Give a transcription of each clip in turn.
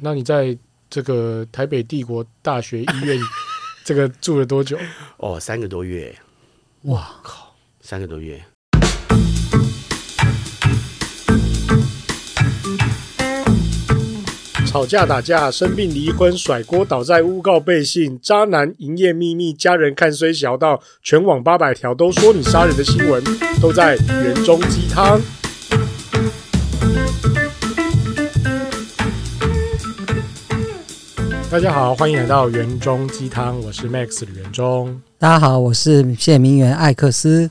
那你在這個台北帝國大學醫院這個住了多久？ 哦，三個多月。哇靠，三個多月！吵架、打架、生病、離婚、甩鍋、倒債，誣告、背信、渣男、營業秘密、家人看衰、小道，全網八百條都說你殺人的新聞，都在元鐘雞湯。大家好，歡迎來到元鐘雞湯，我是 Max 李元鐘。大家好，我是謝明源艾克斯。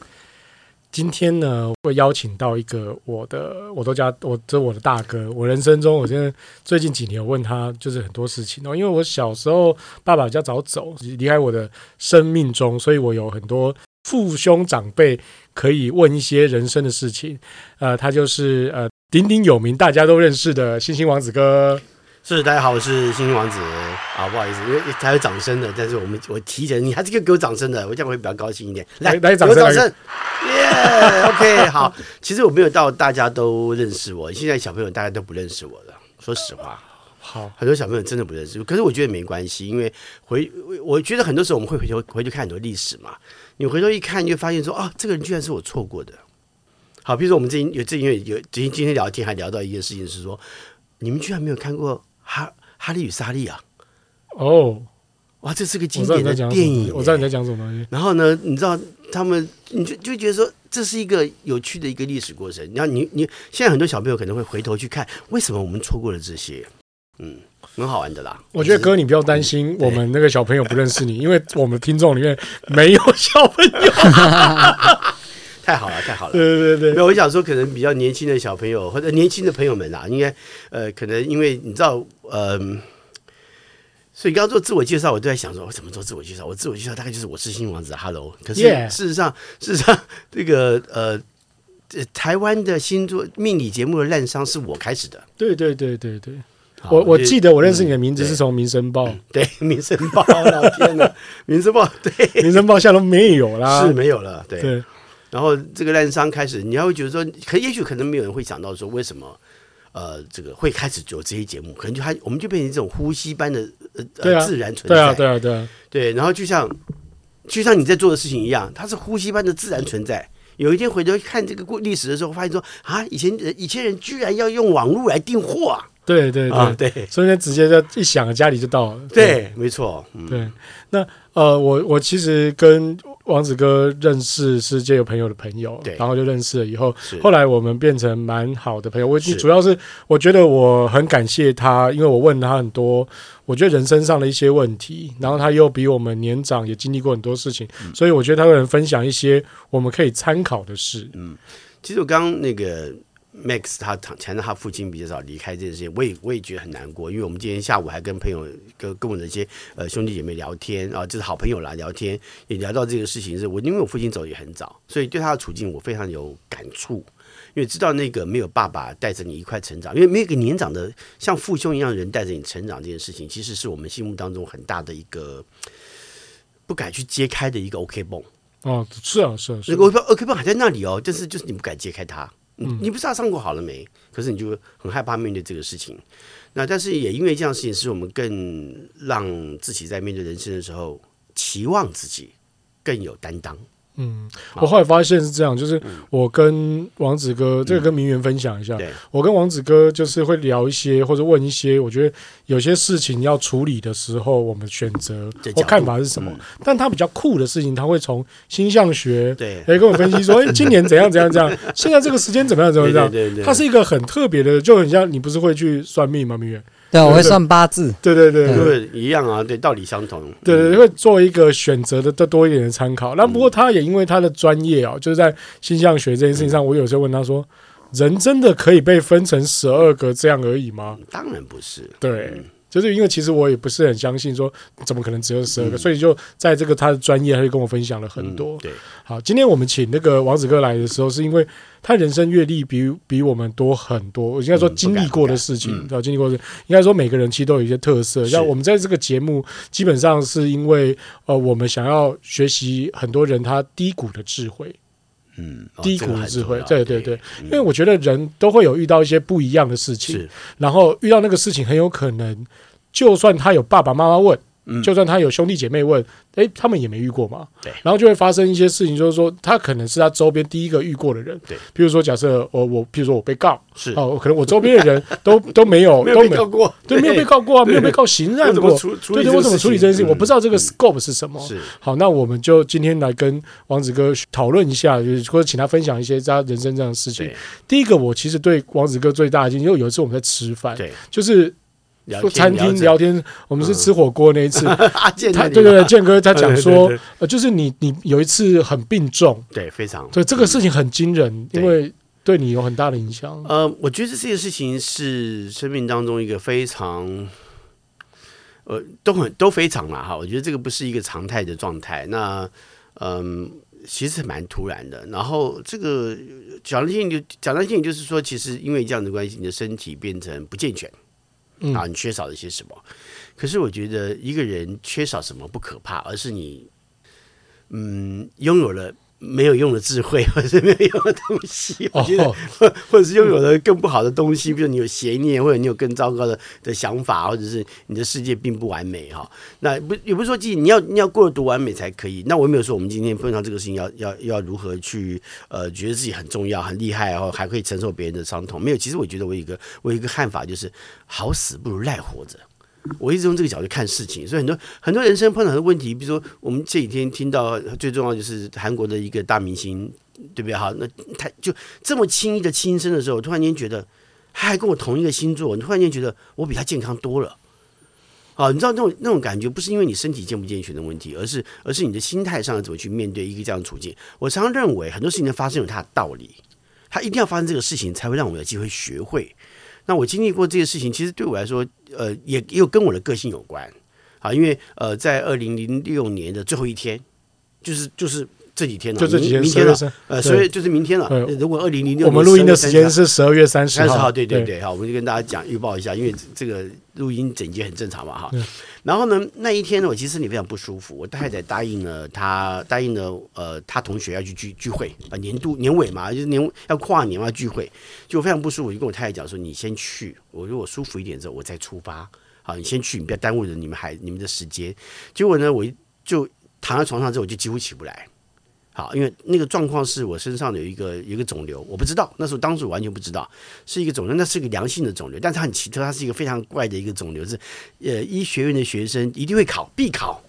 今天呢，我邀請到一個我的，我都叫我這我的大哥。我人生中，我現在最近幾年，我問他就是很多事情，哦，因為我小時候爸爸比較早走，離開我的生命中，所以我有很多父兄長輩可以問一些人生的事情。呃，他就是呃，鼎鼎有名，大家都認識的星星王子哥。是，大家好，我是星星王子啊，不好意思，因為才有掌聲的，但是我們我提前，你還是可以給我掌聲的，我這樣會比較高興一點。來，來掌聲，耶！OK，好，其實我沒有到大家都認識我，現在小朋友大家都不認識我了。說實話，好，很多小朋友真的不認識我，可是我覺得沒關係，因為回我覺得很多時候我們會回頭回去看很多歷史嘛，你回頭一看，就會發現說啊，這個人居然是我錯過的。好，比如說我們最近有最近有最近今天聊天還聊到一件事情是說，你們居然沒有看過。哈哈利與莎莉啊，哦，oh, 哇，這是個經典的電影、欸我在，我知道你在講什麼東西。然後呢，你知道他們，你就就覺得說這是一個有趣的一個歷史過程。然後你看，你你現在很多小朋友可能會回頭去看，為什麼我們錯過了這些？嗯，很好玩的啦。我覺得哥，你不要擔心，我們那個小朋友不認識你， 因為我們聽眾裡面沒有小朋友、啊。 太好了，太好了。 對對對。沒有，我想說，可能比較年輕的小朋友或者年輕的朋友們啊，應該，呃，可能因為你知道，嗯、呃，所以剛，剛做自我介紹，我都在想說，我怎麼做自我介紹？我自我介紹大概就是我是星星王子，Hello。可是事實上，Yeah. 事實上，這個呃這，台灣的星座命理節目的濫觴是我開始的。對對對對對，好我我記得我認識你的名字是從《民生報》，對，《民生報》，老天了，《民生報》，對，對《民生報,、啊、 報》下都沒有啦，是沒有了，對。對然後這個濫觴開始，你還會覺得說，可也許可能沒有人會想到說，為什麼，呃，這個會開始做這些節目？可能就他，我們就變成這種呼吸般的，呃，對啊、自然存在、對啊，對啊，對啊，對，對。然後就像就像你在做的事情一樣，它是呼吸般的自然存在。有一天回頭看這個過歷史的時候，發現說啊，以前以前人居然要用網絡來訂貨啊！對對對，所以、啊、直接就一想，家裡就到了。對，對沒錯，嗯、對。那呃，我我其實跟。王子哥認識世界有朋友的朋友，對然後就認識了以後，是後來我們變成蠻好的朋友。我是主要是我覺得我很感謝他，因為我問他很多，我覺得人生上的一些問題，然後他又比我們年長，也經歷過很多事情，嗯，所以我覺得他可能分享一些我們可以參考的事。嗯，其實我剛剛那個。Max，他前前他父親比較早離開，這些我也我也覺得很難過。因為我們今天下午還跟朋友跟跟我那些呃兄弟姐妹聊天啊，就是好朋友啦，聊天也聊到這個事情是。是我因為我父親走也很早，所以對他的處境我非常有感觸。因為知道那個沒有爸爸帶着你一塊成長，因為沒有一個年長的像父兄一樣的人帶着你成長，這件事情其實是我們心目當中很大的一個不敢去揭開的一個 OK 繃哦，是啊是啊是啊，那個 OK 繃還在那裡哦，但是就是就是你不敢揭開它。你不知道傷口好了沒，嗯，可是你就很害怕面對這個事情。那但是也因為這樣事情，是我們更讓自己在面對人生的時候期望自己更有擔當。嗯，好我後來發現是這樣，就是我跟王子哥，嗯、這個跟明媛分享一下，對我跟王子哥就是會聊一些或者問一些，我覺得有些事情要處理的時候，我們選擇或看法是什麼？嗯、但他比較酷的事情，他會從星象學對來、欸、跟我分析說，哎、欸，今年怎樣怎樣怎樣， 現在這個時間怎麼樣怎麼樣？他是一個很特別的，就很像你不是會去算命嗎，明媛。對，我會算八字，對對對，對，對，對，對一樣啊，對，道理相同，對對，對，會做一個選擇的，再多一點的參考。那不過他也因為他的專業啊，就是在星象學這件事情上，我有時候問他說：“人真的可以被分成十二個這樣而已嗎？”當然不是，對。就是因為其實我也不是很相信說怎麼可能只有十二個，所以就在這個他的專業，他就跟我分享了很多。對，好，今天我們請那個王子哥來的時候，是因為他人生閱歷比比我們多很多。我應該說經歷過的事情，然後經歷過的事情應該說每個人其實都有一些特色。像我們在這個節目，基本上是因為呃，我們想要學習很多人他低谷的智慧。嗯，低谷的智慧，哦，這個很重要，對對對，嗯，因為我覺得人都會有遇到一些不一樣的事情，是然後遇到那個事情，很有可能就算他有爸爸媽媽問。就算他有兄弟姐妹問，哎，他們也沒遇過嘛。對，然後就會發生一些事情，就是說他可能是他周邊第一個遇過的人。對，譬如說假設我我，譬如說我被告是哦，可能我周邊的人都都沒有被告過，對，沒有被告過，沒有被告刑案過。對對，我怎麼處理這件事情？我不知道這個 scope 是什麼？是。好，那我們就今天來跟王子哥討論一下，就是或者請他分享一些他人生這樣的事情。第一個，我其實對王子哥最大的印象，有一次我們在吃飯，對，就是。餐廳聊天，我們是吃火鍋那一次。健，對對，健哥在講說，呃 對，就是你你有一次很病重，對，非常，對，這個事情，很驚人，嗯、因為對你有很大的影響。呃，我覺得這件事情是生命當中一個非常，呃，都很都非常嘛哈。我覺得這個不是一個常態的狀態。那，嗯、呃，其實蠻突然的。然後這個挑戰性就挑戰性就是說，其實因為這樣的關係，你的身體變成不健全。啊，你缺少了一些什麼？可是我覺得一個人缺少什麼不可怕，而是你，嗯，擁有了。沒有用的智慧，或者是沒有用的東西，我覺得，或者，或者是擁有了更不好的東西，oh. 比如你有邪念，或者你有更糟糕的的想法，或者是你的世界並不完美哈。那不也不是說，自己你要你要過得多完美才可以。那我也沒有說，我們今天碰上這個事情要，要要要如何去呃，覺得自己很重要、很厲害，然後還可以承受別人的傷痛。沒有，其實我覺得我有一個我有一個看法就是，好死不如賴活着。我一直用這個角度看事情，所以很多很多人生碰到的問題，比如說我們這幾天聽到最重要就是韓國的一個大明星，對不對？哈，那他就這麼輕易的輕生的時候，突然間覺得他還跟我同一個星座，你突然間覺得我比他健康多了。好，你知道那種那種感覺，不是因為你身體健不健全的問題，而是而是你的心態上怎麼去面對一個這樣的處境。我常常認為很多事情的發生有它的道理，它一定要發生這個事情，才會讓我們有機會學會。那我經歷過這些事情，其實對我來說，呃，也又跟我的個性有關，啊，因為呃，在二零零六年的最後一天，就是就是。這幾天了，就是明天了，呃，對，所以就是明天了。如果二零零六，我們錄音的時間是十二月三十號、號，對對對、對，對好，我們就跟大家講預報一下，因為這個錄音整潔很正常嘛，哈。對然後呢，那一天呢，我其實你非常不舒服，我太太答應了她，答應了呃，她同學要去聚聚會啊、呃，年度年尾嘛，就是年要跨年嘛，要聚會，就非常不舒服，我就跟我太太講說，你先去，我如果舒服一點之後，我再出發，好，你先去，你不要耽誤了你們孩你們的時間。結果呢，我就躺在床上之後，我就幾乎起不來。好，因為那個狀況是我身上有一個有一個腫瘤，我不知道，那時候當時我完全不知道是一個腫瘤，那是一個良性的腫瘤，但它很奇特，它是一個非常怪的一個腫瘤，是，呃，醫學院的學生一定會考，必考，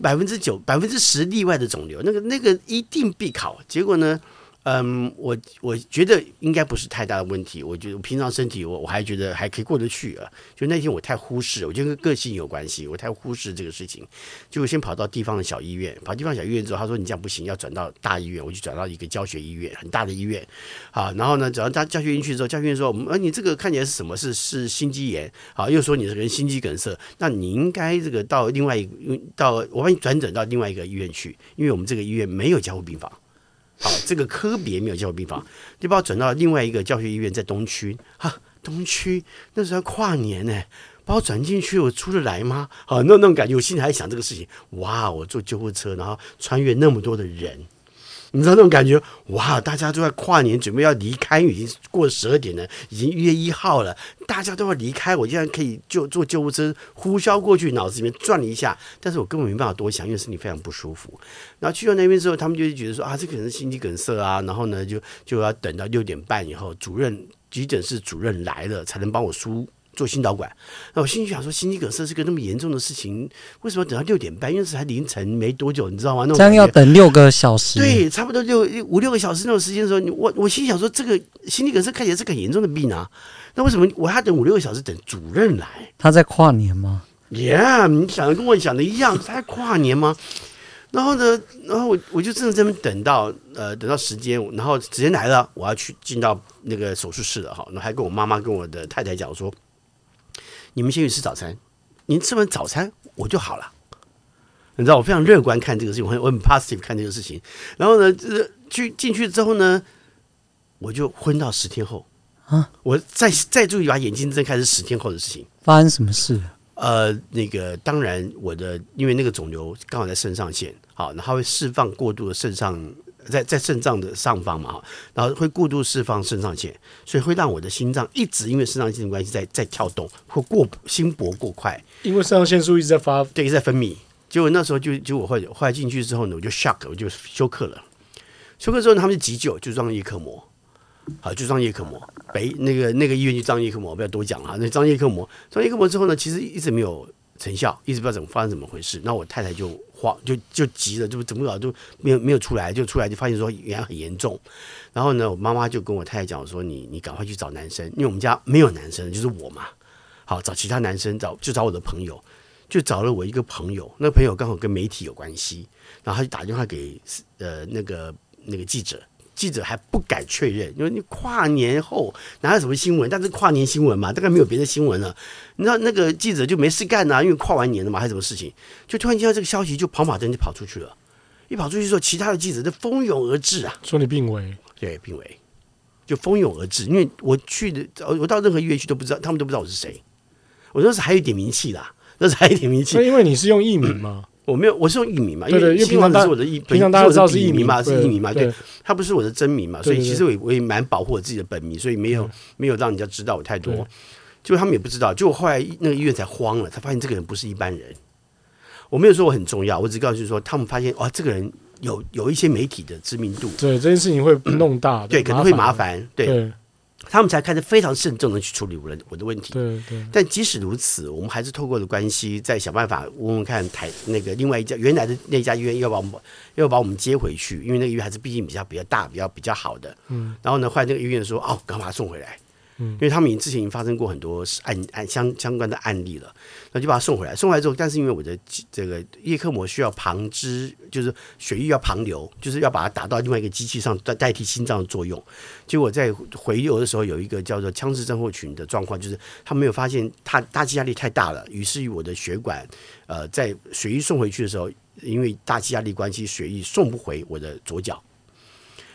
百分之九、百分之十例外的腫瘤，那個那個一定必考，結果呢？嗯，我我覺得應該不是太大的問題。我覺得我平常身體我，我我還覺得還可以過得去啊。就那天我太忽視，我覺得跟個性有關係，我太忽視這個事情。就先跑到地方的小醫院，跑地方小醫院之後，他說你這樣不行，要轉到大醫院。我就轉到一個教學醫院，很大的醫院啊。然後呢，轉到他教學院去之後，教學院說，啊你這個看起來是什麼？是是心肌炎啊？又說你這個人心肌梗塞，那你應該這個到另外一個到我幫你轉診到另外一個醫院去，因為我們這個醫院沒有加護病房。好，這個科別沒有教育病房，就把我轉到另外一個教學醫院，在東區。哈，東區那時候跨年呢，把我轉進去，我出得來嗎？好，那那種感覺，我心裡還想這個事情。哇，我坐救護車，然後穿越那麼多的人。你知道那種感覺？哇，大家都在跨年，準備要離開，已經過了十二點了，已經一月一號了，大家都要離開。我竟然可以就坐救護車呼嘯過去，腦子裡面轉了一下，但是我根本沒辦法多想，因為身體非常不舒服。然後去到那邊之後，他們就會覺得說啊，這個人心肌梗塞啊，然後呢，就就要等到六點半以後，主任急診室主任來了才能幫我輸。做心導管，那我心裡想說，心肌梗塞是個那麼嚴重的事情，為什麼等到六點半？因為是才凌晨沒多久，你知道嗎？那這樣要等六個小時，對，差不多就五六個小時那種時間的時候，我我心想說，這個心肌梗塞看起來是個很嚴重的病啊，那為什麼我還等五六個小時等主任來？他在跨年嗎？Yeah，你想的跟我想的一樣，他在跨年嗎？ 然後呢，然後我我就正在這邊等到呃等到時間，然後直接來了，我要去進到那個手術室了哈，那還跟我媽媽跟我的太太講說。你們先去吃早餐，您吃完早餐我就好了。你知道我非常樂觀看這個事情，我很 positive 看這個事情。然後呢，這去進去之後呢，我就昏到十天後啊。我再再注意把眼睛睜開是十天後的事情。發生什麼事？呃，那個當然，我的因為那個腫瘤剛好在腎上腺，好，然後它會釋放過度的腎上。在在腎臟的上方嘛，哈，然後會過度釋放腎上腺，所以會讓我的心臟一直因為腎上腺的關係在在跳動，或過心搏過快，因為腎上腺素一直在發，對，一直在分泌。結果那時候就就我後來後來進去之後呢，我就 shock，我就休克了。休克之後呢，他們就急救，就裝葉克膜，好，就裝葉克膜，北那個那個醫院就裝葉克膜，我不要多講了，那裝葉克膜，裝葉克膜之後呢，其實一直沒有成效，一直不知道怎麼發生怎麼回事。那我太太就。就就急了，就怎麼搞都沒有沒有出來，就出來就發現說原來很嚴重，然後呢，我媽媽就跟我太太講我說你，你你趕快去找男生，因為我們家沒有男生，就是我嘛，好找其他男生，找就找我的朋友，就找了我一個朋友，那朋友剛好跟媒體有關係，然後他就打電話給呃那個那個記者。記者還不敢確認，因為你跨年後哪有什麼新聞？但是跨年新聞嘛，大概沒有別的新聞了。你知道那個記者就沒事幹吶、啊，因為跨完年了嘛，還什麼事情？就突然接到這個消息，就跑馬燈就跑出去了。一跑出去之後，其他的記者就蜂擁而至啊！說你病危，對，病危，就蜂擁而至。因為我去的，我到任何醫院去都不知道，他們都不知道我是誰。我那時還有一點名氣啦、啊，那是還有一點名氣。那因為你是用藝名嗎？嗯我沒有，我是用藝名嘛，因為平常是我的藝本名，平常大家知道是藝名嘛，是藝名嘛，對，他不是我的真名嘛，所以其實我我也蠻保護我自己的本名，所以沒有沒有讓人家知道我太多。結果他們也不知道，結果後來那個醫院才慌了，他發現這個人不是一般人。我沒有說我很重要，我只告訴你說他們發現哦，這個人有有一些媒體的知名度，對，這件事情會弄大，對，可能會麻煩，對。他們才開始非常慎重的去處理我的我的問題。對對。但即使如此，我們還是透過的關係再想辦法問問看台那個另外一家原來的那家醫院，要把我們要把我們接回去，因為那個醫院還是畢竟比較比較大、比較比較好的。嗯。然後呢，後來那個醫院說：“哦，趕快把他送回來。”因為他們已經之前已經發生過很多案案相相關的案例了，那就把他送回來。送回來之後，但是因為我的這個葉克膜需要旁支，就是血液要旁流，就是要把它打到另外一個機器上代代替心臟的作用。結果在回流的時候，有一個叫做腔室症候群的狀況，就是他沒有發現他大氣壓力太大了，於是我的血管呃在血液送回去的時候，因為大氣壓力關係，血液送不回我的左腳。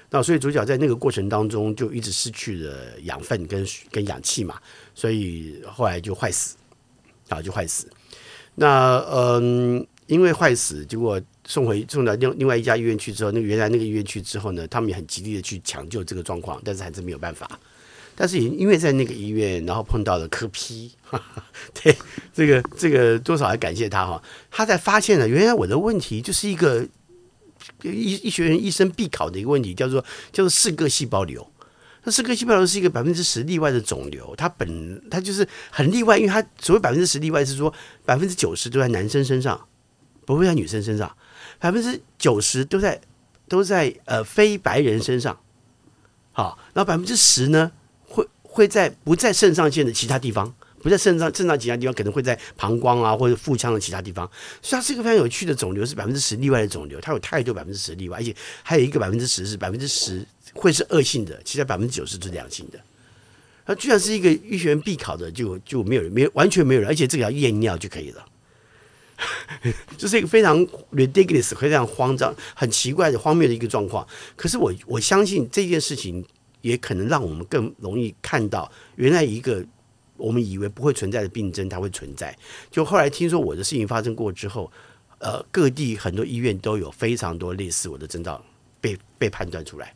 那、哦、所以主角在那個過程當中就一直失去了養分跟跟氧氣嘛，所以後來就壞死，然、啊、後就壞死。那嗯，因為壞死，結果送回送到另另外一家醫院去之後，那原來那個醫院去之後呢，他們也很極力的去搶救這個狀況，但是還是沒有辦法。但是也因為在那個醫院，然後碰到了柯 P，哈哈對，這個這個多少還感謝他哈、哦，他才發現了原來我的問題就是一個。醫醫學院醫生必考的一個問題，叫做叫做嗜鉻細胞瘤。那嗜鉻細胞瘤是一個百分之十例外的腫瘤，它本它就是很例外，因為它所謂百分之十例外是說百分之九十都在男生身上，不會在女生身上，百分之九十都在都在呃非白人身上。好，然後百分之十呢，會會在不在腎上腺的其他地方。不在腎臟、腎臟其他地方，可能會在膀胱啊，或者腹腔的其他地方。所以它是一個非常有趣的腫瘤是，是百分之十例外的腫瘤。它有太多百分之十例外，而且還有一個百分之十是百分之十會是惡性的，其他百分之九十是良性的。它居然是一個醫學院必考的，就就沒有人、沒有完全沒有人，而且這個要驗尿就可以了。這 是一個非常 ridiculous、非常慌張、很奇怪的、的荒謬的一個狀況。可是我我相信這件事情，也可能讓我們更容易看到原來一個。我們以為不會存在的病症，它會存在。就後來聽說我的事情發生過之後，呃，各地很多醫院都有非常多類似我的徵兆被被判斷出來。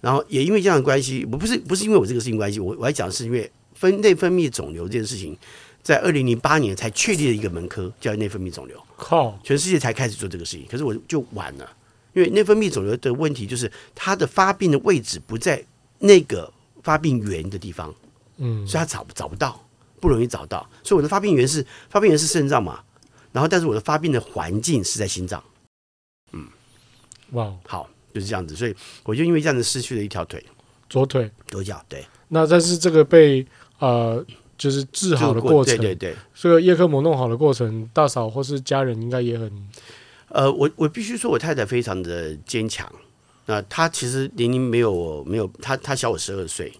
然後也因為這樣的關係，我不是不是因為我這個事情關係，我我要講的是因為分內分泌腫瘤這件事情，在二零零八年才確立了一個門科叫內分泌腫瘤，靠，全世界才開始做這個事情。可是我就晚了，因為內分泌腫瘤的問題就是它的發病的位置不在那個發病源的地方。嗯，所以他找找不到，不容易找到。所以我的發病源是發病源是腎臟嘛，然後但是我的發病的環境是在心臟。嗯，哇，好，就是這樣子。所以我就因為這樣子失去了一條腿，左腿，左腳，對。那但是這個被呃，就是治好的過程，過對對對，所以這個葉克膜弄好的過程，大嫂或是家人應該也很。呃，我我必須說，我太太非常的堅強。那她其實年齡沒有沒有，她她小我十二歲。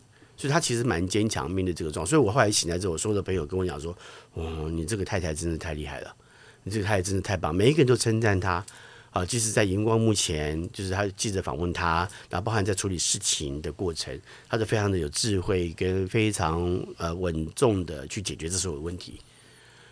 所以他其實蠻堅強，面對這個狀況。所以我後來醒來之後，我所有的朋友跟我講說：“哦，你這個太太真的太厲害了，你這個太太真的太棒，每一個人都稱讚他。啊、呃，即使在熒光幕前，就是他記者訪問他，然後包含在處理事情的過程，他都非常的有智慧跟非常呃穩重的去解決這所有問題。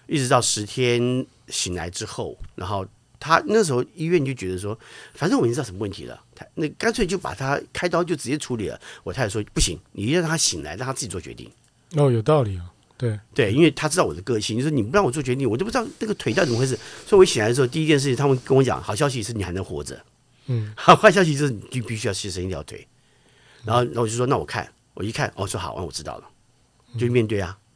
一直到十天醒來之後，然後。”他那時候醫院就覺得說，反正我已經知道什麼問題了，他那乾脆就把他開刀就直接處理了。我太太說不行，你一定要讓他醒來，讓他自己做決定。哦，有道理啊、哦，對對，因為他知道我的個性，就是你不讓我做決定，我就不知道那個腿到底怎麼回事。 所以，我一醒來的時候，第一件事情他們跟我講，好消息是你還能活着，嗯，好、啊，壞消息就是你就必須要犧牲一條腿。然後，然後我就說，那我看，我一看，哦，說好，啊我知道了，就面對啊。嗯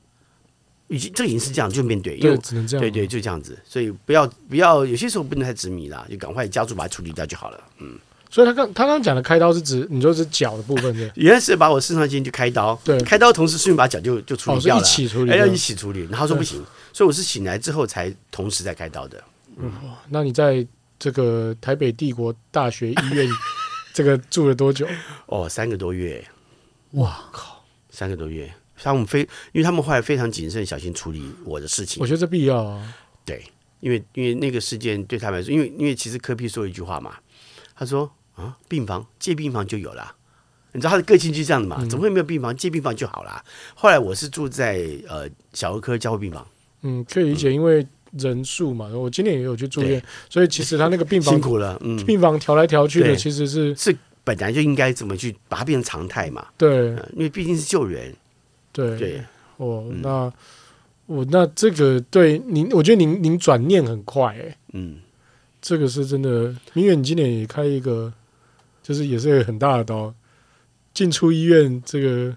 已經，這已經是這樣，就面對，因為只能這樣。對對，就這樣子，所以不要不要，有些時候不能太執迷啦，就趕快加速把它處理掉就好了。嗯，所以他剛他剛剛講的開刀是指你說是腳的部分，原來是把我身上筋就開刀，對，開刀同時順便把腳就就處理掉了，哦、一起處理，要、哎、一起處理。然後說不行，對所以我是醒來之後才同時在開刀的。嗯，嗯，那你在這個台北帝國大學醫院這個住了多久？ 哦，三個多月。哇靠，三個多月。他們非，因為他們後來非常謹慎、小心處理我的事情。我覺得這必要啊。對，因為因為那個事件對他們來說，因為因為其實柯 P 說一句話嘛，他說：“啊，病房借病房就有了。”你知道他的個性就是這樣的嘛？嗯、怎麼會沒有病房借病房就好了？後來我是住在呃小兒科加護病房。嗯，可以理解，因為人數嘛。嗯、我今年也有去住院，對所以其實他那個病房辛苦了。嗯，病房調來調去的，其實是是本來就應該怎麼去把它變成常態嘛？對，因為畢竟是救援。對，對哦，嗯、那我那這個對您，我覺得您您轉念很快誒，嗯，這個是真的。明遠，你今年也開一個，就是也是很大的刀，哦，進出醫院這個。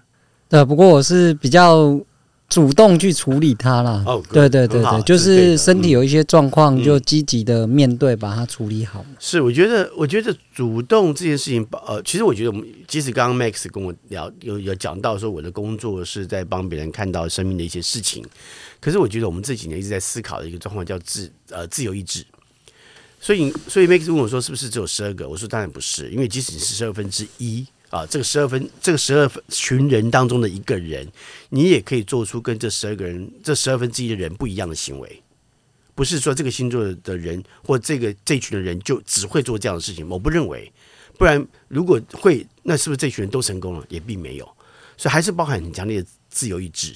呃，不過我是比較。主動去處理它啦，oh, good. 對對對對好，就是身體有一些狀況，就積極的面對，把它處理好、嗯嗯。是，我覺得，我覺得主動這件事情，呃，其實我覺得我們即使剛剛 Max 跟我聊，有有講到說我的工作是在幫別人看到生命的一些事情，可是我覺得我們這幾年一直在思考的一個狀況叫自呃自由意志。所以，所以 Max 問我說：“是不是只有十二個？”我說：“當然不是，因為即使是十二分之一。”啊，這個十二分，這個十二群人當中的一個人，你也可以做出跟這十二個人，這十二分之一的人不一樣的行為。不是說這個星座的人或這個這群的人就只會做這樣的事情，我不認為。不然如果會，那是不是這群人都成功了？也並沒有，所以還是包含很強烈的自由意志。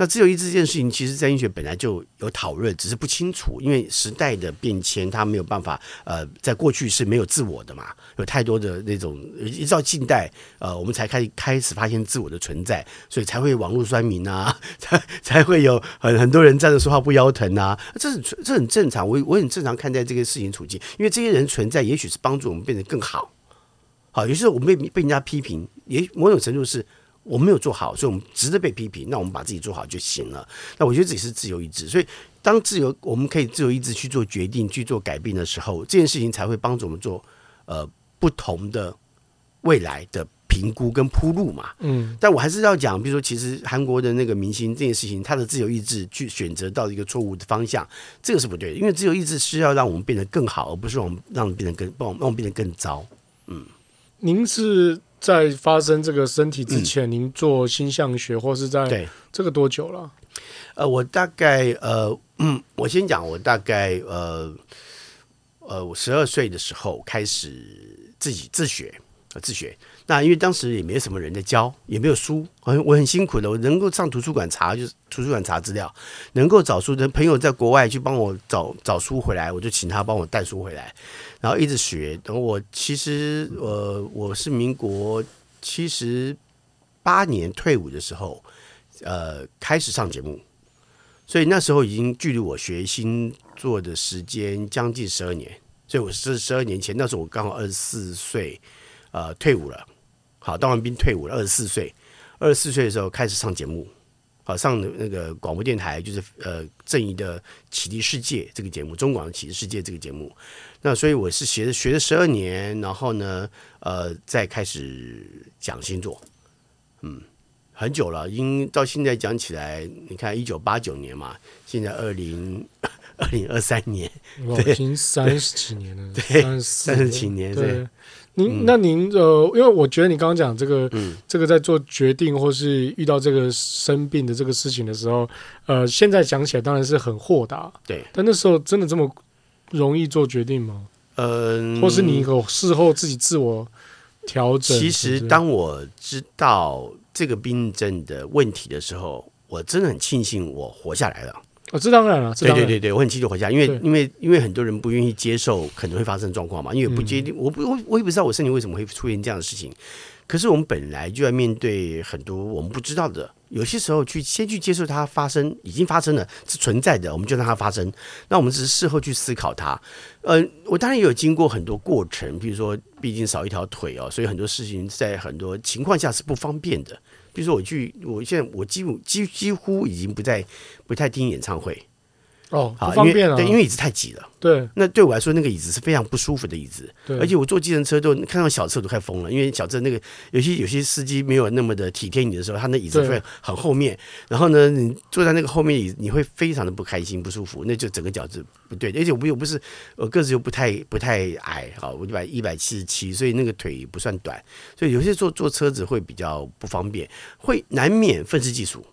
那自由意志這件事情，其實在醫學本來就有討論，只是不清楚，因為時代的變遷，他沒有辦法。呃，在過去是沒有自我的嘛，有太多的那種。一到近代，呃，我們才開始開始發現自我的存在，所以才會網絡酸民啊，才才會有很很多人站着說話不腰疼啊，這很這很正常，我我很正常看待這個事情處境，因為這些人存在，也許是幫助我們變得更好。好，於是我們被被人家批評，也某種程度是。我沒有做好，所以我們值得被批評。那我們把自己做好就行了。那我覺得這也是自由意志。所以，當自由我們可以自由意志去做決定、去做改變的時候，這件事情才會幫助我們做呃不同的未來的評估跟鋪路嘛。嗯。但我還是要講，比如說，其實韓國的那個明星這件事情，他的自由意志去選擇到一個錯誤的方向，這個是不對的，因為自由意志是要讓我們變得更好，而不是讓我們讓我們變得更，讓我們變得更糟。嗯。您是。在發生這個身體之前，您做星象學，嗯，或是在這個多久了？呃，我大概呃，嗯，我先講，我大概呃，呃，我十二歲的時候開始自己自學，呃，自學。那因為當時也沒有什麼人在教，也沒有書，很我很辛苦的，我能夠上圖書館查，就是圖書館查資料，能夠找書的，朋友在國外去幫我找找書回來，我就請他幫我帶書回來，然後一直學。等我其實呃我，我是民國七十八年退伍的時候，呃開始上節目，所以那時候已經距離我學星座的時間將近十二年，所以我是十二年前，那時候我剛好二十四歲，呃退伍了。好，當完兵退伍了，二十四歲，二十四歲的時候開始上節目，好，上那個廣播電台，就是呃正義的啟迪世界這個節目，中廣的啟迪世界這個節目，那所以我是學了學了十二年，然後呢，呃，再開始講星座，嗯，很久了，因到現在講起來，你看一九八九年嘛，現在二零二零二三年，對，已經三十幾年了，對，三十幾年，對。您那您、嗯、呃，因為我覺得你剛剛講這個，嗯、這個在做決定或是遇到這個生病的這個事情的時候，呃，現在講起來當然是很豁達，對。但那時候真的這麼容易做決定嗎？呃、嗯，或是你有事後自己自我調整？其實當我知道這個病症的問題的時候，我真的很慶幸我活下來了。我知道啊，哦、是當然了，是當然了，對對對對，我很期待回家，因為對因為因為很多人不願意接受可能會發生狀況嘛，因為不接我不我我也不知道我身體為什麼會出現這樣的事情，嗯、可是我們本來就要面對很多我們不知道的，有些時候去先去接受它發生，已經發生了是存在的，我們就讓它發生，那我們只是事後去思考它。呃，我當然也有經過很多過程，比如說，畢竟少一條腿哦，所以很多事情在很多情況下是不方便的。比如說，我去，我現在我幾乎幾幾乎已經不再不太聽演唱會。哦，不方便啊，好，因為對，因為椅子太擠了。對，那對我來說，那個椅子是非常不舒服的椅子。對，而且我坐計程車都看到小車都快瘋了，因為小車那個有些有些司機沒有那麼的體貼你的時候，他那椅子會很後面。對然後呢，你坐在那個後面椅子，你會非常的不開心、不舒服，那就整個腳趾不對。而且我不不是我個子又不太不太矮，好，我就百一百七十七，所以那個腿不算短，所以有些坐坐車子會比較不方便，會難免憤世嫉俗。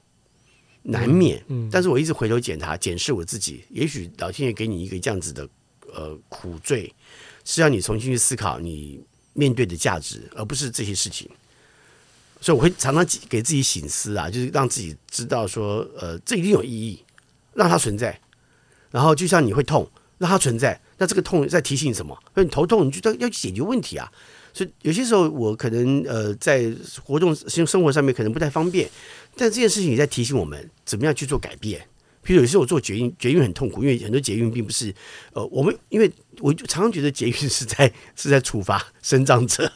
難免，嗯嗯、但是我一直回頭檢查檢視我自己。也許老天爺給你一個這樣子的呃苦罪，是要你重新去思考你面對的價值，而不是這些事情。所以我會常常給自己省思啊，就是讓自己知道說，呃，這一定有意義，讓它存在。然後就像你會痛，讓它存在，那這個痛在提醒什麼？所以你頭痛，你就要要去解決問題啊。所以有些時候我可能呃在活動生生活上面可能不太方便。但這件事情也在提醒我們，怎麼樣去做改變。比如，有時候我做捷運，捷運很痛苦，因為很多捷運並不是呃，我們因為我常常覺得捷運是在是在處罰身障者，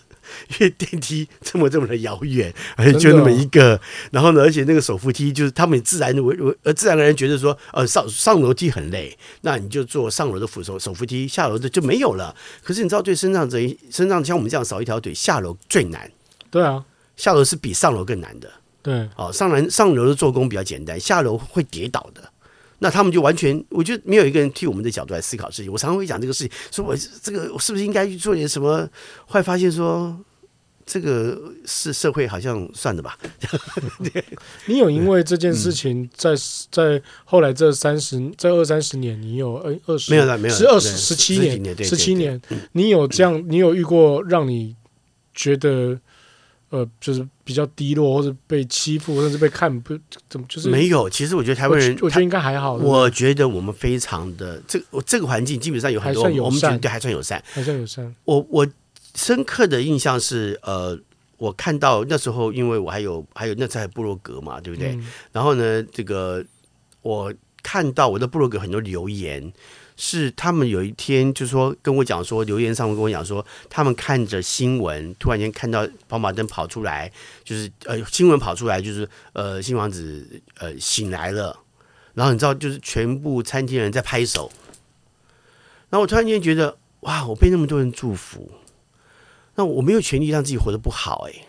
因為電梯這麼這麼的遙遠，而、呃、且就那麼一個，哦、然後呢，而且那個手扶梯就是他們自然的為為而自然而然覺得說，呃，上上樓梯很累，那你就坐上樓的扶手手扶梯，下樓的就沒有了。可是你知道，對身障者，身障像我們這樣少一條腿，下樓最難。對啊，下樓是比上樓更難的。對，哦，上樓上樓的做工比較簡單，下樓會跌倒的。那他們就完全，我覺得沒有一個人替我們的角度來思考事情。我常常會講這個事情，說我這個我是不是應該去做點什麼？會發現說，這個是社會好像算了吧。嗯、對你有因為這件事情在，嗯、在在後來這三十這二三十年，你有二二十沒有了沒有是二十十七年十七年，年年你有這樣，嗯、你有遇過讓你覺得？呃，就是比較低落，或者被欺負，但是被看不怎麼，就是沒有。其實我覺得台灣人，我，我覺得應該還好。我覺得我們非常的這這個環境，基本上有很多我們覺得對還算友善，還算友善。友善我我深刻的印象是，呃，我看到那時候，因為我還有還有那在部落格嘛，對不對？嗯，然後呢，這個我看到我的部落格很多留言。是他們有一天就說跟我講說，留言上面跟我講說，他們看着新聞突然間看到跑馬燈跑出來，就是呃，新聞跑出來就是呃，星星王子呃，醒來了。然後你知道，就是全部餐廳人在拍手，然後我突然間覺得哇，我被那麼多人祝福，那我沒有權利讓自己活得不好哎。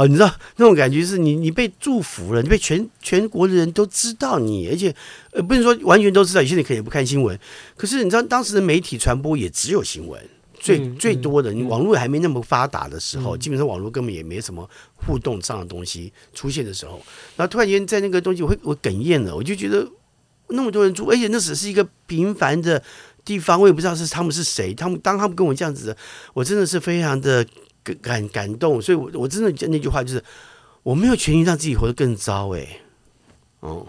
啊、哦，你知道那種感覺，是你你被祝福了，你被全全國的人都知道你，而且呃，不能說完全都知道。你現在可以不看新聞，可是你知道當時的媒體傳播也只有新聞，嗯、最最多的，你網絡還沒那麼發達的時候，嗯、基本上網絡根本也沒什麼互動上的東西出現的時候，嗯、然後突然間在那個東西，我會我哽咽了，我就覺得那麼多人祝，而且那只是一個平凡的地方，我也不知道是他們是誰，他們當他們跟我這樣子，我真的是非常的。感感動，所以我，我我真的那句話，就是我沒有權利讓自己活得更糟。欸，哎，哦，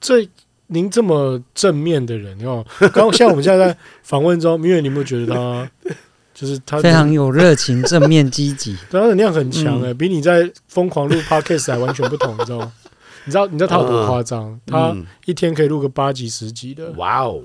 所以您這麼正面的人，哦，剛像我們現在在訪問中， 明遠，你有沒有覺得他 就是他非常有熱情、正面、積極， 他的能量很強。欸？哎、嗯，比你在瘋狂錄 Podcast 還完全不同，你知道嗎？你知道，你知道他有多誇張？嗯、他一天可以錄個八集、十集的，哇哦！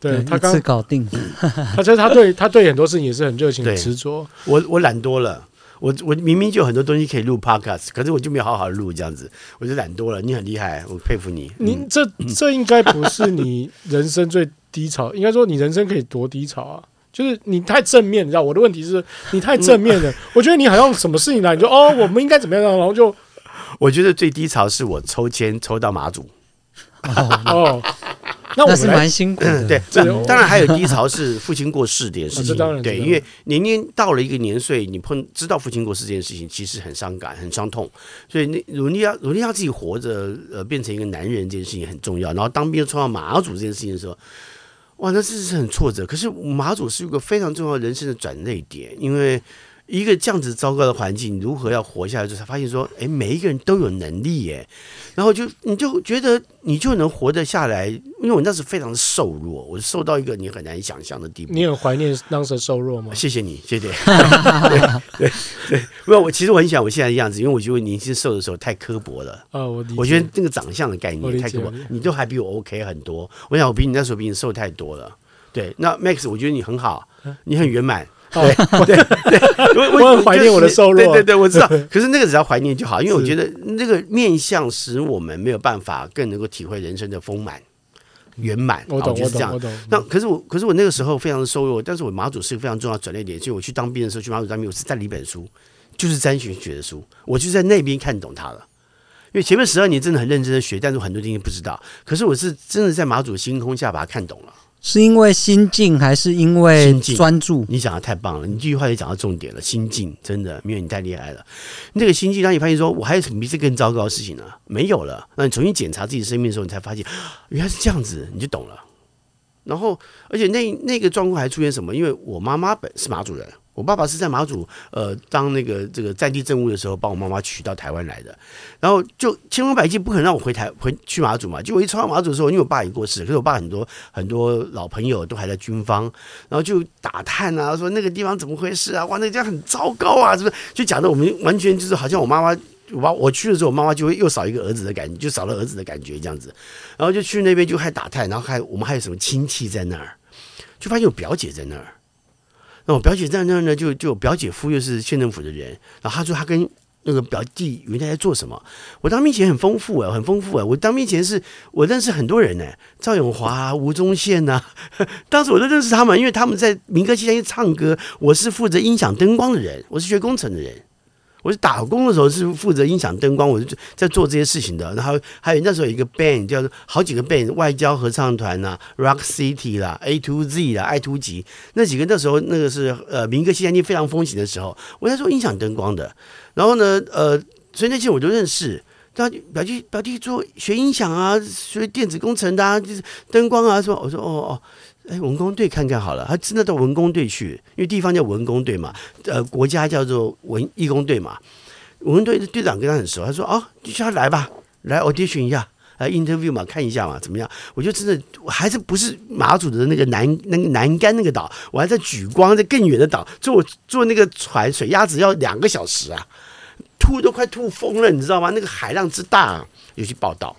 對他剛搞定，嗯，他，他覺得他對他對很多事情也是很熱情執着。 我我懶惰了，我我明明就很多東西可以錄 Podcast，可是我就沒有好好錄這樣子，我就懶惰了。你很厲害，我佩服你。嗯、你這這應該不是你人生最低潮， 應該說你人生可以多低潮啊！就是你太正面，你知道？我的問題是，你太正面了。 我覺得你好像什麼事情呢，你就哦，我們應該怎麼樣、啊？然後就我覺得最低潮是我抽籤抽到馬祖。哦，那我、哦、那是蠻辛苦的。嗯、對，種當然還有低潮是父親過世這件事情。哦、知道知道對，因為年年到了一個年歲，你碰知道父親過世這件事情，其實很傷感、很傷痛。所以努力要努力讓自己活着，呃，變成一個男人這件事情很重要。然後當兵抽到馬祖這件事情的時候，哇，那真是很挫折。可是馬祖是一個非常重要的人生的轉捩點，因為。一個這樣子糟糕的環境，如何要活下來？就才發現說，哎，每一個人都有能力耶。然後就你就覺得你就能活得下來，因為我那時候非常瘦弱，我瘦到一個你很難想象的地步。你有懷念當時瘦弱嗎？謝謝你，謝謝。對對對，沒有，我其實我很喜歡我現在的樣子，因為我覺得我年輕瘦的時候太刻薄了。哦、我，我覺得那個長相的概念太刻薄了，你都還比我 OK 很多。嗯、我想我比你那時候比你瘦太多了。對，那 Max，我覺得你很好，嗯、你很圓滿。對，對，我我很懷念我的收入，對對對，我知道。可是那個只要懷念就好，因為我覺得那個面相使我們沒有辦法更能夠體會人生的豐滿圓滿。我懂，我懂，我懂。那可是我，可是我那個時候非常的瘦弱，但是我馬祖是一個非常重要轉捩點，所以我去當兵的時候去馬祖當兵，我是帶了一本書，就是占星學的書，我就在那邊看懂他了。因為前面十二年真的很認真的學，但是很多東西不知道。可是我是真的在馬祖星空下把它看懂了。是因為心境，還是因為專注？你講的太棒了，你這句話也講到重點了。心境真的，因為你太厲害了。那個心境，當你發現說，我還有什麼比這更糟糕的事情呢？沒有了。那你重新檢查自己生命的時候，你才發現原來是這樣子，你就懂了。然後，而且那那個狀況還出現什麼？因為我媽媽本是馬祖人，我爸爸是在馬祖呃當那個這個戰地政務的時候，把我媽媽娶到台灣來的。然後就千方百計不肯讓我回台、回去馬祖嘛。就我一穿馬祖的時候，因為我爸也過世，可是我爸很多很多老朋友都還在軍方，然後就打探啊，說那個地方怎麼回事啊？哇，那家很糟糕啊，是不是？就講的我們完全就是好像我媽媽。我我去了之後，我媽媽就會又少一個兒子的感覺，就少了兒子的感覺這樣子。然後就去那邊就還打探，然後還我們還有什麼親戚在那兒，就發現我表姐在那兒。那我表姐在那兒呢，就就表姐夫又是縣政府的人。然後他說他跟那個表弟原來在做什麼。我當兵前很豐富哎，很豐富哎。我當兵前是我認識很多人呢，趙永華、吳宗憲吶、啊。當時我都認識他們，因為他們在民歌期間一唱歌，我是負責音響燈光的人，我是學工程的人。我是打工的時候是負責音響燈光，我就在做這些事情的。然後還有那時候一個 band，叫做好幾個 band，外交合唱團吶、啊，Rock City 啦，A to Z 啦，愛突集那幾個。那時候那個是呃民歌西餐廳非常風行的時候，我在做音響燈光的。然後呢，呃，所以那些我就認識。他表弟表弟做學音響啊，學電子工程的啊，就是燈光啊，說我說哦哦。哦哎，文工隊看看好了，他真的到文工隊去，因為地方叫文工隊嘛，呃，國家叫做文義工隊嘛。我們隊的隊長跟他很熟，他說：“哦，叫他來吧，來 audition 一下，來 interview 嘛，看一下嘛，怎麼樣？”我就真的，我還是不是馬祖的那個南那個南竿那個島，我還在莒光在更遠的島，坐我坐那個船水鴨子要兩個小時啊，吐都快吐瘋了，你知道嗎？那個海浪之大啊，有去報道。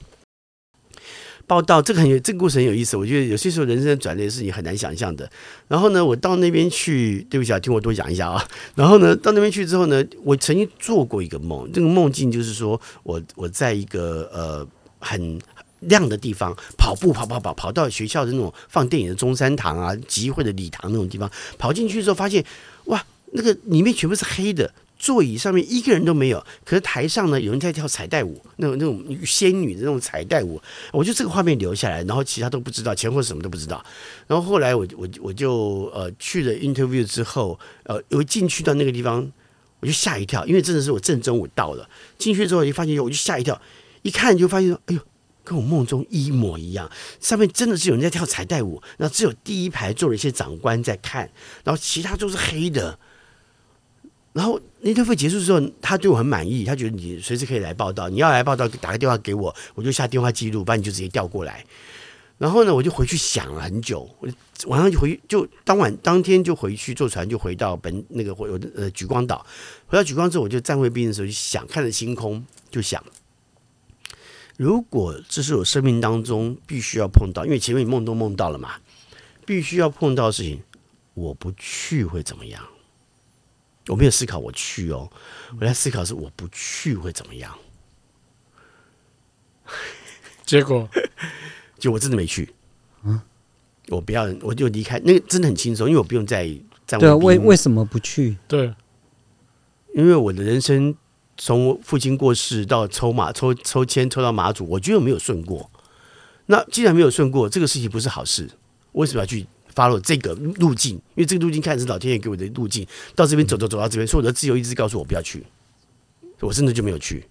報道這個很這個故事很有意思，我覺得有些時候人生的轉折是你很難想象的。然後呢，我到那邊去，對不起啊，聽我多講一下啊。然後呢，到那邊去之後呢，我曾經做過一個夢，這個夢境就是說我我在一個呃很亮的地方跑步跑跑跑，跑到學校的那種放電影的中山堂啊集會的禮堂那種地方，跑進去之後發現哇，那個裡面全部是黑的。座椅上面一個人都沒有，可是台上呢，有人在跳彩帶舞，那種那種仙女的那種彩帶舞，我就這個畫面留下來，然後其他都不知道，前後什麼都不知道。然後後來我我我就呃去了 interview 之後，呃，我進去到那個地方我就嚇一跳，因為真的是我正中午到了，進去之後一發現我就嚇一跳，一看就發現哎呦，跟我夢中一模一樣，上面真的是有人在跳彩帶舞，那只有第一排坐了一些長官在看，然後其他都是黑的。然後那次會結束之後，他對我很滿意，他覺得你隨時可以來報道，你要來報道打個電話給我，我就下電話記錄，把你就直接調過來。然後呢，我就回去想了很久，我就晚上就回去，就當晚當天就回去坐船就回到本那個我呃莒光島，回到莒光之後我就站衛兵的時候就想看着星空，就想，如果這是我生命當中必須要碰到，因為前面你夢都夢到了嘛，必須要碰到的事情，我不去會怎麼樣？我沒有思考我去哦，我在思考是我不去會怎麼樣？結果 就我真的沒去。嗯，我不要，我就離開，那個真的很輕鬆，因為我不用在意。再對啊，為為什麼不去？對，因為我的人生從父親過世到抽馬抽抽籤抽到馬祖，我覺得我沒有順過。那既然沒有順過，這個事情不是好事，為什麼要去？發了這個路徑，因為這個路徑開始是老天爺給我的路徑，到這邊走走走到這邊，所以我的自由意志告訴我不要去，我甚至就沒有去。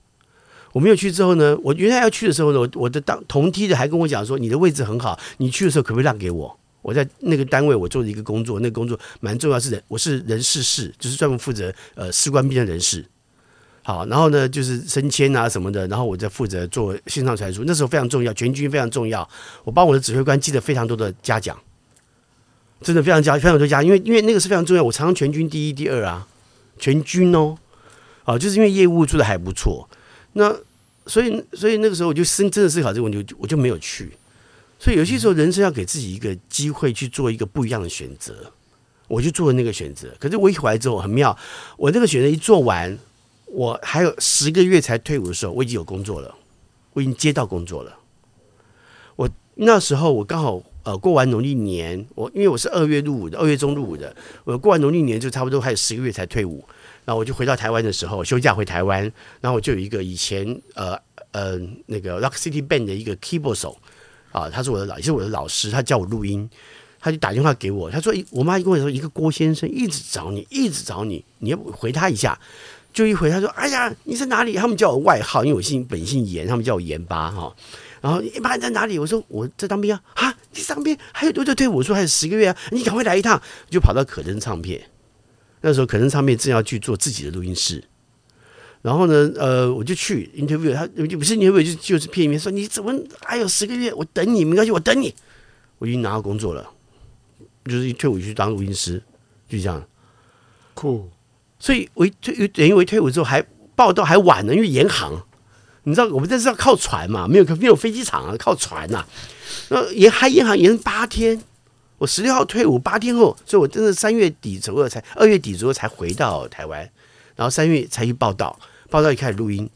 我沒有去之後呢，我原來要去的時候呢，我我的當同梯的還跟我講說，你的位置很好，你去的時候可不可以讓給我？我在那個單位，我做了一個工作，那個工作蠻重要，是人我是人事室，就是專門負責呃士官兵的人事。好，然後呢，就是升遷啊什麼的，然後我在負責做線上傳輸，那時候非常重要，全軍非常重要，我幫我的指揮官記得非常多的嘉獎。真的非常加，非常多家，因為因為那個是非常重要。我常常全軍第一、第二啊，全軍哦，哦、啊，就是因為業務做得還不錯。那所以所以那個時候我就深真的思考這個問題我，我就沒有去。所以有些時候人生要給自己一個機會去做一個不一樣的選擇。我就做了那個選擇，可是我一回來之後很妙，我那個選擇一做完，我還有十個月才退伍的時候，我已經有工作了，我已經接到工作了。我那時候我剛好。呃，過完農曆年，我因為我是二月入伍的，二月中入伍的，我過完農曆年就差不多還有十個月才退伍。然後我就回到台灣的時候，休假回台灣，然後我就有一個以前呃呃那個 Rock City Band 的一個 keyboard 手，啊、呃，他是我的老也是我的老師，他叫我錄音，他就打電話給我，他說我媽跟我說一個郭先生一直找你，一直找你，你要回他一下。就一回，他說哎呀，你在哪裡？他們叫我外號，因為我姓本姓嚴，他們叫我嚴巴哈。哦然後你一般你在哪裡？我說我在當兵啊！啊，你當兵還有多久退伍？我說還有十個月啊！你趕快來一趟，就跑到可人唱片。那時候可人唱片正要去做自己的錄音室，然後呢，呃，我就去 interview 他，不是 interview 就就是騙一面說，說你怎麼還有十個月？我等你，沒關係，我等你。我已經拿到工作了，就是一退伍去當錄音師，就這樣。酷，Cool. 所以我一退等於我退伍之後還報道還晚呢，因為嚴行。你知道我們這是要靠船嘛，沒有沒有飛機場啊，靠船吶、啊。那延還延航延八天，我十六號退伍，八天後，所以我真的三月底左右才二月底左右才回到台灣，然後三月才去報到，報到一開始錄音，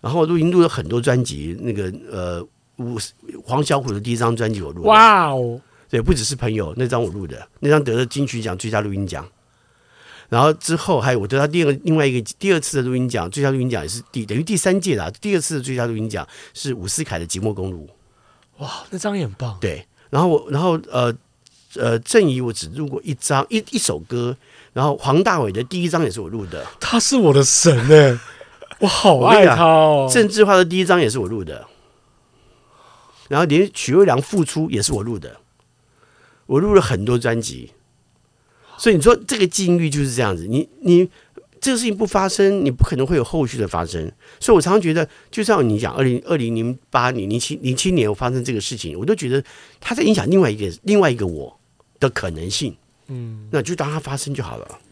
然後錄音錄了很多專輯，那個呃五，黃小琥的第一張專輯我錄，哇哦，對，不只是朋友那張我錄的，那張得了金曲獎最佳錄音獎。然後之後還有，我得到第二個另外一個第二次的錄音獎最佳錄音獎也是第等於第三屆的、啊、第二次的最佳錄音獎是伍思凱的《寂寞公路》，哇，那張也很棒。對，然後我然後呃呃鄭怡我只錄過一張一一首歌，然後黃大煒的第一張也是我錄的，他是我的神哎、欸，我好愛他哦。鄭智化的第一張也是我錄的，然後連許魏良復出也是我錄的，我錄了很多專輯。所以你說這個境遇就是這樣子，你你這個事情不發生，你不可能會有後續的發生。所以我常常覺得，就像你講，二零二零零八年、零七零七年我發生這個事情，我都覺得它在影響另外一個另外一個我的可能性。嗯，那就當它發生就好了。嗯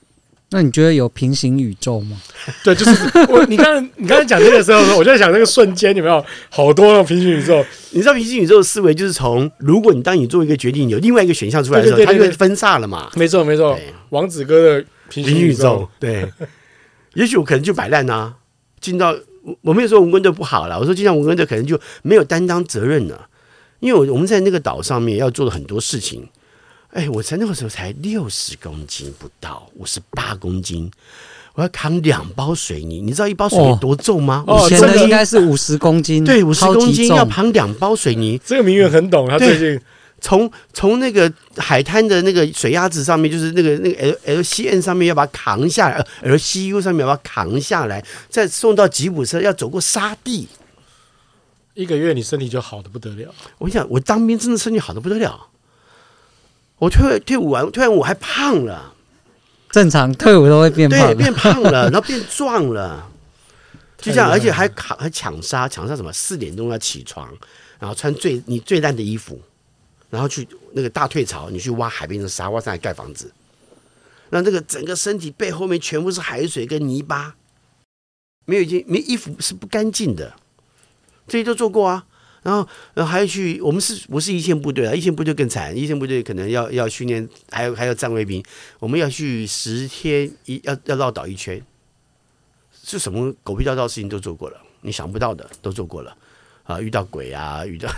那你覺得有平行宇宙嗎？ 對，就是我。你剛才 你剛才講這個的時候，我就在想那個瞬間有沒有好多平行宇宙？ 你知道平行宇宙的思維就是從，如果你當你做一個決定，有另外一個選項出來的時候，對對對對，它就會分散了嘛。沒錯，沒錯對。王子哥的平行宇宙，平行宇宙，對。 也許我可能就擺爛啊，進到我沒有說文工隊不好了，我說就像文工隊可能就沒有擔當責任了，因為我我們在那個島上面要做的很多事情。哎、欸，我才那個時候才六十公斤不到，五十八公斤，我要扛兩包水泥，你知道一包水泥多重嗎？哦，現在應該是五十公斤，50公斤對，五十公斤要扛兩包水泥。這個明遠很懂，嗯、他最近從從那個海灘的那個水鴨子上面，就是那個那個 L L C N 上面要把它扛下來，L C U 上面要把它扛下來，嗯、再送到吉普車，要走過沙地。一個月，你身體就好的不得了。我跟你講，我當兵真的身體好的不得了。我退退伍完，退伍完我還胖了。正常退伍都會變胖，對，變胖了，然後變壯了，就這樣，而且還卡還搶沙，搶沙什麼？四點鐘要起床，然後穿最你最爛的衣服，然後去那個大退潮，你去挖海邊的沙，挖上來蓋房子。讓、那、這個整個身體背後面全部是海水跟泥巴，沒有一件沒衣服是不乾淨的，這些都做過啊。然後，然後還要去。我們是不是一線部隊啊，一線部隊更慘，一線部隊可能要要訓練，還有還有站衛兵。我們要去十天一要要繞島一圈，是什麼狗屁倒灶事情都做過了，你想不到的都做過了啊！遇到鬼啊，遇到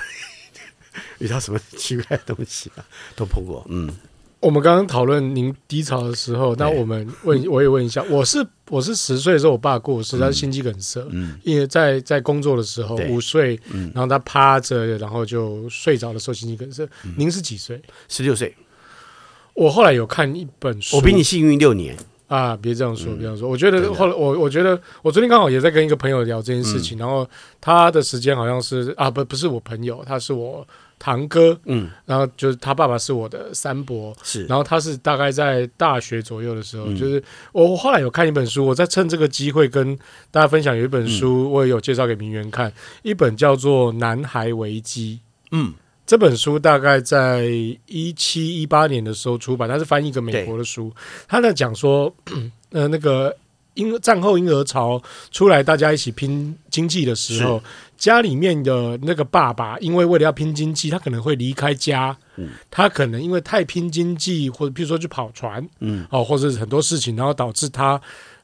遇到什麼奇怪的東西啊，都碰過，嗯。我們剛剛討論您低潮的時候，那我們問對我也問一下，我是我是十歲的時候，我爸過世，他心肌梗塞，嗯、因為在在工作的時候午睡，然後他趴着，然後就睡着的時候心肌梗塞。嗯、您是幾歲？十六歲。我後來有看一本書，我比你幸運六年啊！別這樣說，別這樣說。嗯、我覺得後來我我覺得我昨天剛好也在跟一個朋友聊這件事情，嗯、然後他的時間好像是啊不不是我朋友，他是我。堂哥，嗯，然後就是他爸爸是我的三伯，是，然後他是大概在大學左右的時候，嗯、就是我後來有看一本書，我在趁這個機會跟大家分享，有一本書、嗯、我也有介紹給明媛看，一本叫做《男孩危機》，嗯，這本書大概在一七一八年的時候出版，他是翻譯一個美國的書，他在對講說，呃，那，那個嬰戰後嬰兒潮出來，大家一起拼經濟的時候。家裡面的那個爸爸，因為為了要拼經濟，他可能會離開家。嗯，他可能因為太拼經濟，或者譬如說去跑船，嗯，哦，或者是很多事情，然後導致他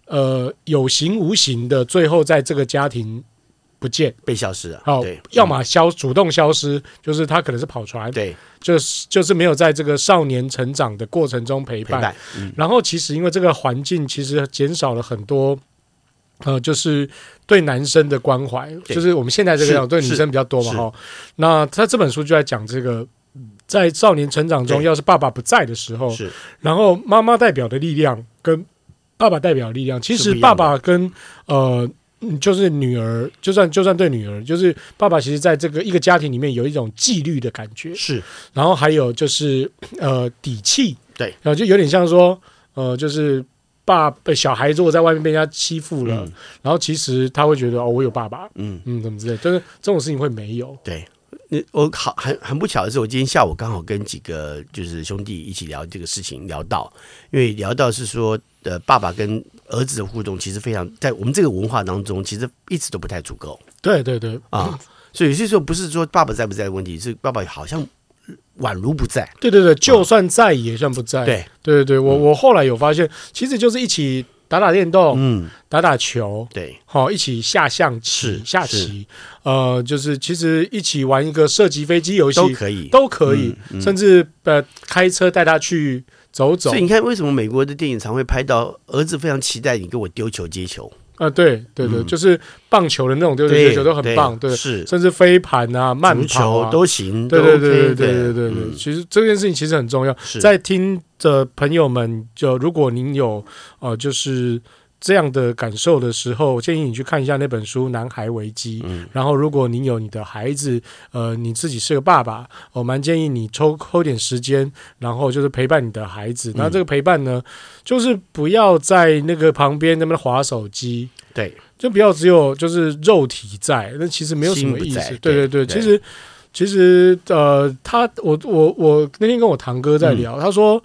呃有形無形的，最後在這個家庭不見被消失了。哦、對，要麼消、嗯、主動消失，就是他可能是跑船，對，就是就是沒有在這個少年成長的過程中陪伴。陪伴嗯、然後其實因為這個環境，其實減少了很多。呃，就是對男生的關懷，對就是我們現在這個樣是對女生比較多嘛。哈是，那他這本書就在講這個，在少年成長中，對要是爸爸不在的時候，是，然後媽媽代表的力量跟爸爸代表的力量，其實爸爸跟呃，就是女兒，就算就算對女兒，就是爸爸，其實在這個一個家庭裡面有一種紀律的感覺，是，然後還有就是呃底氣，對，然後，呃，就有點像說呃，就是。爸小孩如果在外面被人家欺負了，嗯、然後其實他會覺得哦，我有爸爸，嗯嗯，怎麼之類，就是這種事情會沒有。對，我好很很不巧的是，我今天下午剛好跟幾個就是兄弟一起聊這個事情，聊到，因為聊到是說，呃，爸爸跟兒子的互動其實非常，在我們這個文化當中，其實一直都不太足夠。對對對，對對啊，所以有些時候不是說爸爸在不在的問題，是爸爸好像。宛如不在，對對對，就算在也算不在。對對對，我我後來有發現，其實就是一起打打電動，嗯，打打球，對，好，一起下象棋，是下棋，是呃，就是其實一起玩一個射擊飛機遊戲都可以，都可以，嗯、甚至呃開車帶他去走走。嗯嗯、所以你看，為什麼美國的電影常會拍到兒子非常期待你給我丟球接球？啊、呃，對對對，嗯、就是棒球的那種，就是對球都很棒，對，是，甚至飛盤啊，慢跑啊，球都行，對對對對對對對對，其實這件事情其實很重要，是在聽的朋友們，就如果您有，呃，就是。這樣的感受的時候，我建議你去看一下那本書《男孩危機》。嗯、然後，如果你有你的孩子，呃，你自己是個爸爸，我蠻建議你抽抽點時間，然後就是陪伴你的孩子。那、嗯、這個陪伴呢，就是不要在那個旁邊那麼滑手機。對。就不要只有就是肉體在，那其實沒有什麼意思。對對對，對對對其實對其實呃，他我我我那天跟我堂哥在聊，嗯、他說。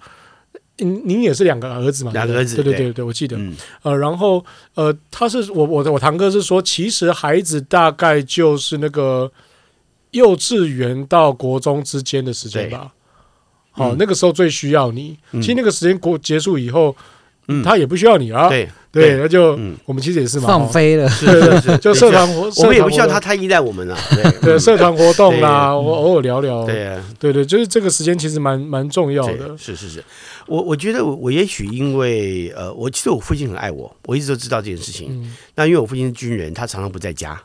您您也是兩個兒子嘛？兩個兒子，對對對對，對我記得。嗯、呃，然後呃，他是我我我堂哥是說，其實孩子大概就是那個幼稚園到國中之間的時間吧。好，那個時候最需要你。其實那個時間過結束以後。嗯嗯嗯，他也不需要你啊。對對，那就我們其實也是嘛，放飛了，是是是，就社團活，我們也不需要他太依賴我們了。對對，社團活動啦，我偶爾聊聊。對對對，就是這個時間其實蠻蠻重要的。是是是，我我覺得我也許因為呃，我其實我父親很愛我，我一直都知道這件事情。那因為我父親是軍人，他常常不在家。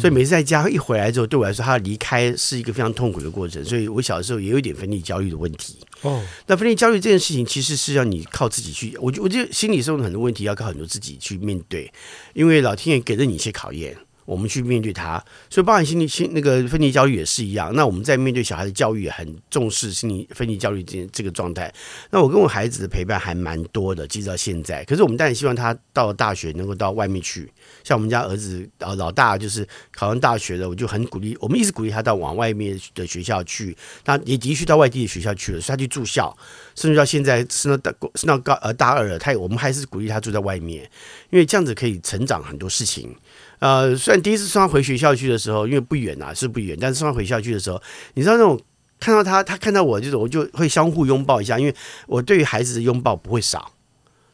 所以每次在家一回來之後，對我來說，他離開是一個非常痛苦的過程。所以我小時候也有點分離焦慮的問題。哦，那分離焦慮這件事情，其實是要你靠自己去。我就我就心理上的很多問題要靠很多自己去面對，因為老天爺給了你一些考驗。我們去面對他，所以包含心理、心那個分離焦慮也是一樣。那我們在面對小孩的教育，也很重視心理分離焦慮這這個狀態。那我跟我孩子的陪伴還蠻多的，即使到現在。可是我們當然希望他到了大學能夠到外面去。像我們家兒子，呃，老大就是考上大學了，我就很鼓勵，我們一直鼓勵他到往外面的學校去。那也的確到外地的學校去了，他去住校，甚至到現在升到大升到高呃大二了，他也我們還是鼓勵他住在外面，因為這樣子可以成長很多事情。呃，雖然第一次送他回學校去的時候，因為不遠啊，是不遠。但是送他回學校去的時候，你知道那種看到他，他看到我就，這種我就會相互擁抱一下。因為我對於孩子的擁抱不會少，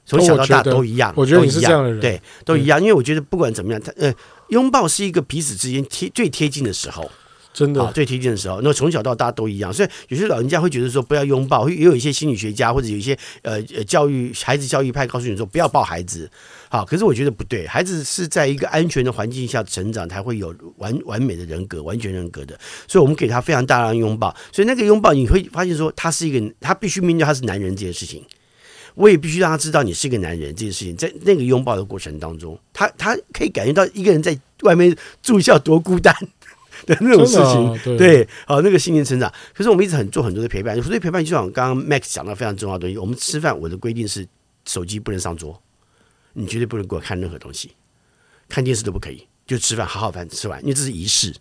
從小到大都一樣，我覺得你是這樣的人，對，都一樣。嗯，因為我覺得不管怎麼樣，他呃，擁抱是一個彼此之間貼最貼近的時候。真的，最天真的時候，那從小到大都一樣。所以有些老人家會覺得說不要擁抱，也有一些心理學家或者有一些呃教育孩子教育派告訴你說不要抱孩子。好，可是我覺得不對，孩子是在一個安全的環境下成長，才會有完完美的人格、完全人格的。所以，我們給他非常大量的擁抱。所以那個擁抱，你會發現說他是一個，他必須面對他是男人這件事情，我也必須讓他知道你是一個男人這件事情。在那個擁抱的過程當中，他他可以感覺到一個人在外面住校多孤單。對，那種事情，啊、對，好、哦，那個心靈成長。可是我們一直很做很多的陪伴，所以陪伴就像剛剛 Max 講到非常重要的東西。我們吃飯，我的規定是手機不能上桌，你絕對不能給我看任何東西，看電視都不可以，就吃飯，好好飯吃完，因為這是儀式，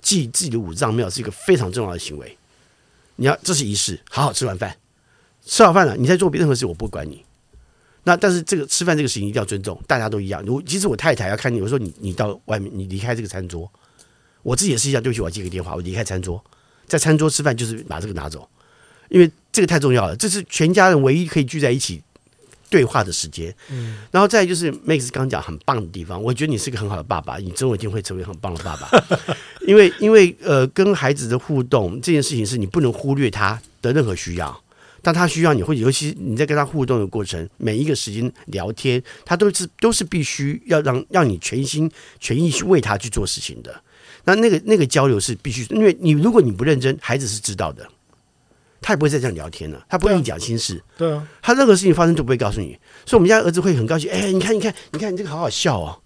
記自己的五臟廟是一個非常重要的行為。你要，這是儀式，好好吃完飯，吃好飯了，你再做別任何事，我不管你。那但是這個吃飯這個事情一定要尊重，大家都一樣。如果，即使我太太要看你，我說你你到外面，你離開這個餐桌。我自己也試一下，對不起，我要接個電話，我離開餐桌，在餐桌吃飯就是把這個拿走，因為這個太重要了，這是全家人唯一可以聚在一起對話的時間。然後再就是 Max 剛剛講很棒的地方，我覺得你是個很好的爸爸，你真的一定會成為很棒的爸爸，因為因為呃，跟孩子的互動這件事情是你不能忽略他的任何需要，但他需要你會，尤其你在跟他互動的過程，每一個時間聊天，他都是都是必須要讓讓你全心全意去為他去做事情的。那那個那個交流是必須，因為你如果你不認真，孩子是知道的，他也不會再這樣聊天了，他不跟你講心事，對啊，對啊，他任何事情發生都不會告訴你。所以我們家兒子會很高興，哎，你看你看你看你這個好好笑哦，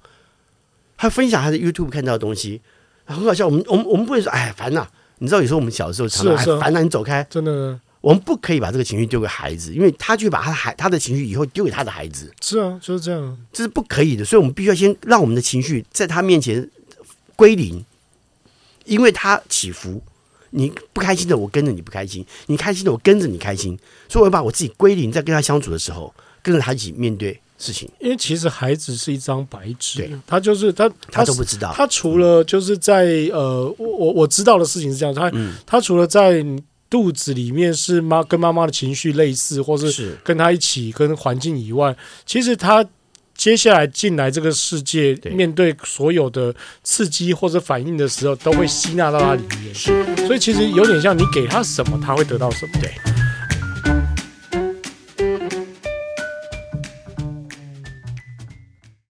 他分享他的 YouTube 看到的東西，很好笑。我們我們我們不會說，哎，煩吶啊，你知道，有時候我們小時候常常常，是是啊，哎，煩吶啊，你走開，真的，我們不可以把這個情緒丟給孩子，因為他去把他的孩他的情緒以後丟給他的孩子，是啊，就是這樣，這是不可以的，所以我們必須要先讓我們的情緒在他面前歸零。因為他起伏，你不開心的我跟着你不開心，你開心的我跟着你開心，所以我要把我自己歸零，在跟他相處的時候，跟着他一起面對事情。因為其實孩子是一張白紙，對他就是他，他，他都不知道。他除了就是在、嗯、呃，我我我知道的事情是這樣，他、嗯、他除了在肚子裡面是媽跟媽媽的情緒類似，或是跟他一起是跟環境以外，其實他。接下來進來這個世界，面對所有的刺激或者反應的時候，都會吸納到他裡面。是的。所以其實有點像你給他什麼，他會得到什麼。對。